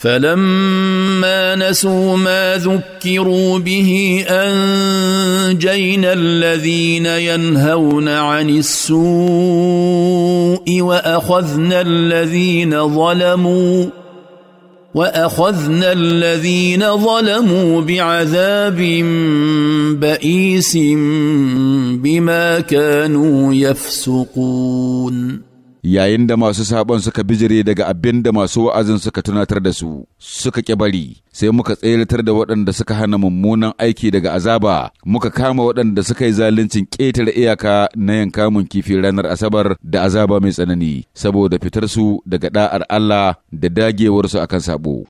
فلما نسوا ما ذكروا به انجينا الذين ينهون عن السوء واخذنا الذين ظلموا واخذنا الذين ظلموا بعذاب بئيس بما كانوا يفسقون yayin da masu sabon suka bijire daga abin da masu wa'azin suka tunatar da su suka ƙi bari sai muka tseratar da waɗanda suka hana mummunan aiki daga azaba muka kama waɗanda suka yi zaluncin ƙetare iyaka na yin kamun kifi ranar asabar da azaba mai tsanani saboda fitar su daga da'ar Allah da dagewarsu akan sabo